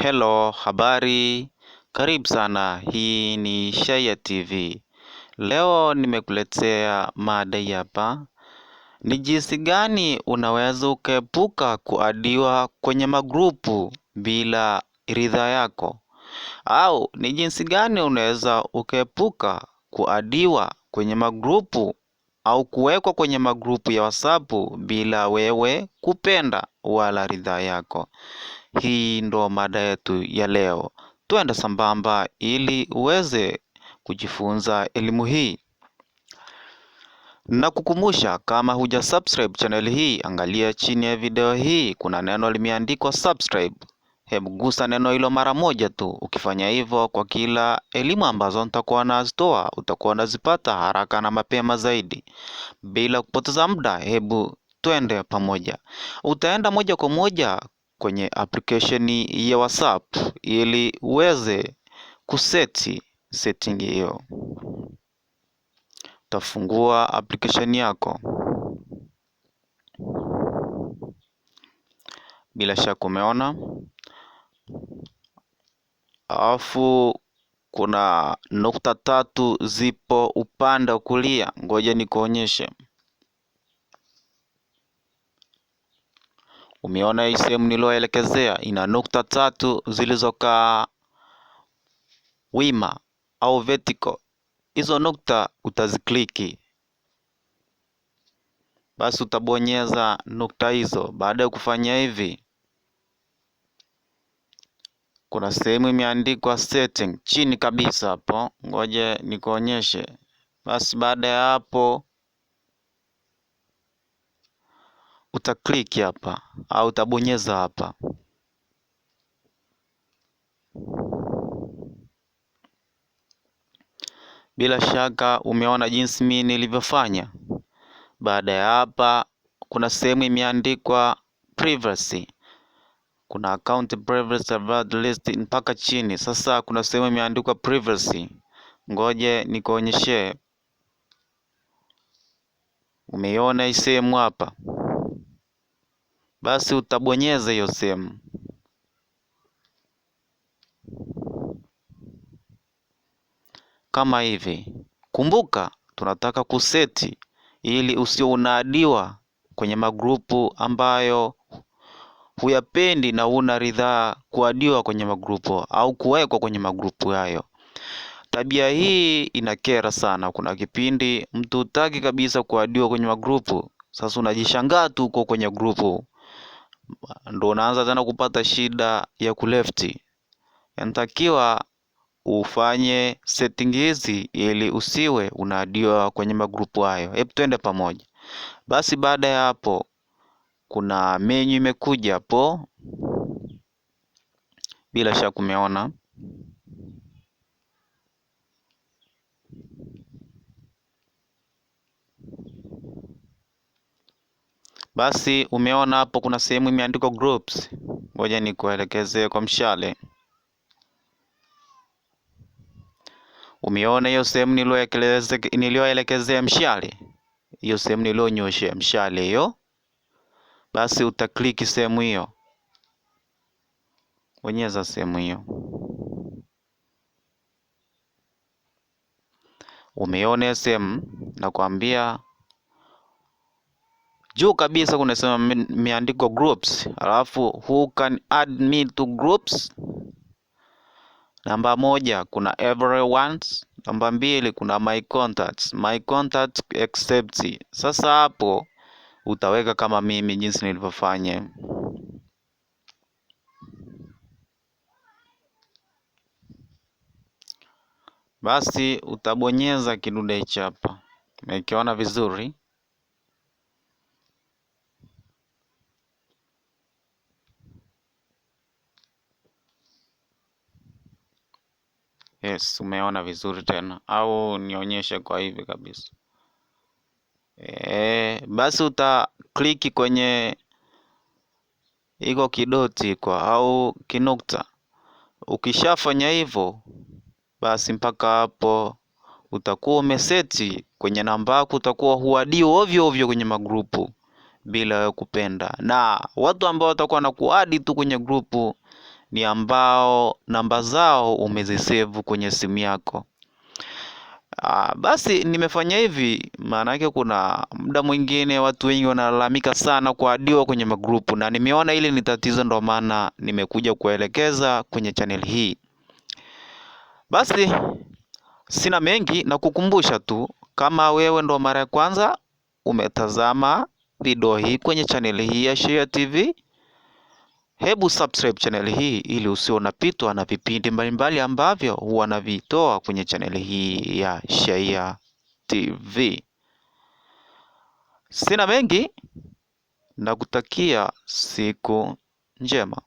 Hello, habari, karibu sana, hii ni Shayia TV. Leo nimekuletea mada hapa, ni jinsi gani unaweza ukaepuka kuadiwa kwenye magrupu bila ridhaa yako, au ni jinsi gani unaweza ukaepuka kuadiwa kwenye magrupu au kuwekwa kwenye magrupu ya WhatsApp bila wewe kupenda wala ridhaa yako. Hii ndo mada yetu ya leo, twende sambamba ili uweze kujifunza elimu hii. na kukumusha kama huja subscribe channel hii, angalia chini ya video hii, kuna neno limeandikwa subscribe. Hebu gusa neno hilo mara moja tu. Ukifanya hivyo, kwa kila elimu ambazo nitakuwa nazitoa, utakuwa unazipata haraka na mapema zaidi bila kupoteza muda. Hebu twende pamoja, utaenda moja kwa moja kwenye application ya WhatsApp ili uweze kuseti setting hiyo. Utafungua application yako, bila shaka umeona. Alafu kuna nukta tatu zipo upande wa kulia, ngoja nikuonyeshe. Umeona hii sehemu niliyoelekezea ina nukta tatu zilizokaa wima au vertical. Hizo nukta utazikliki, basi utabonyeza nukta hizo. Baada ya kufanya hivi, kuna sehemu imeandikwa setting chini kabisa hapo, ngoje nikuonyeshe. Basi baada ya hapo uta-click hapa au utabonyeza hapa bila shaka umeona jinsi mimi nilivyofanya. Baada ya hapa, kuna sehemu imeandikwa privacy, kuna account privacy about list mpaka chini. Sasa kuna sehemu imeandikwa privacy, ngoje nikuonyeshe. Umeiona hii sehemu hapa basi utabonyeza hiyo sehemu kama hivi. Kumbuka tunataka kuseti ili usio unaadiwa kwenye magrupu ambayo huyapendi na una ridhaa kuadiwa kwenye magrupu au kuwekwa kwenye magrupu hayo. Tabia hii inakera sana. Kuna kipindi mtu hutaki kabisa kuadiwa kwenye magrupu, sasa unajishangaa tu uko kwenye grupu ndo unaanza tena kupata shida ya kulefti. Yanatakiwa ufanye setting hizi ili usiwe unaadiwa kwenye magrupu hayo. Hebu twende pamoja basi. Baada ya hapo, kuna menyu imekuja hapo, bila shaka umeona. Basi umeona hapo kuna sehemu imeandikwa groups. Ngoja nikuelekezee kwa mshale. Umeona hiyo sehemu niliyoelekezea mshale, hiyo sehemu niliyonyoshea mshale hiyo, basi utakliki sehemu hiyo, bonyeza sehemu hiyo. Umeona hiyo sehemu nakwambia juu kabisa kuna sema groups, alafu who can add me to groups. Namba moja kuna everyone's, namba mbili kuna my contacts, my contacts except. Sasa hapo utaweka kama mimi jinsi nilivyofanya. Basi utabonyeza kidude hichi hapa, umekiona vizuri. Yes, umeona vizuri tena au nionyeshe kwa hivi kabisa e, basi uta click kwenye iko kidoti kwa au kinukta. Ukishafanya hivyo, basi mpaka hapo utakuwa umeseti kwenye namba yako, utakuwa huadio ovyo ovyo kwenye magrupu bila wewe kupenda, na watu ambao watakuwa na kuadi tu kwenye grupu ni ambao namba zao umezisevu kwenye simu yako. Aa, ah, basi nimefanya hivi yake kuna muda mwingine watu wengi wanalalamika sana kuadiwa kwenye magrupu, na nimeona hili ni tatizo, ndo maana nimekuja kuelekeza kwenye channel hii. Basi sina mengi na kukumbusha tu, kama wewe ndo mara ya kwanza umetazama video hii kwenye channel hii ya Shayia TV Hebu subscribe chaneli hii ili usio unapitwa na vipindi mbalimbali ambavyo wanavitoa kwenye chaneli hii ya Shayia TV. Sina mengi na kutakia siku njema.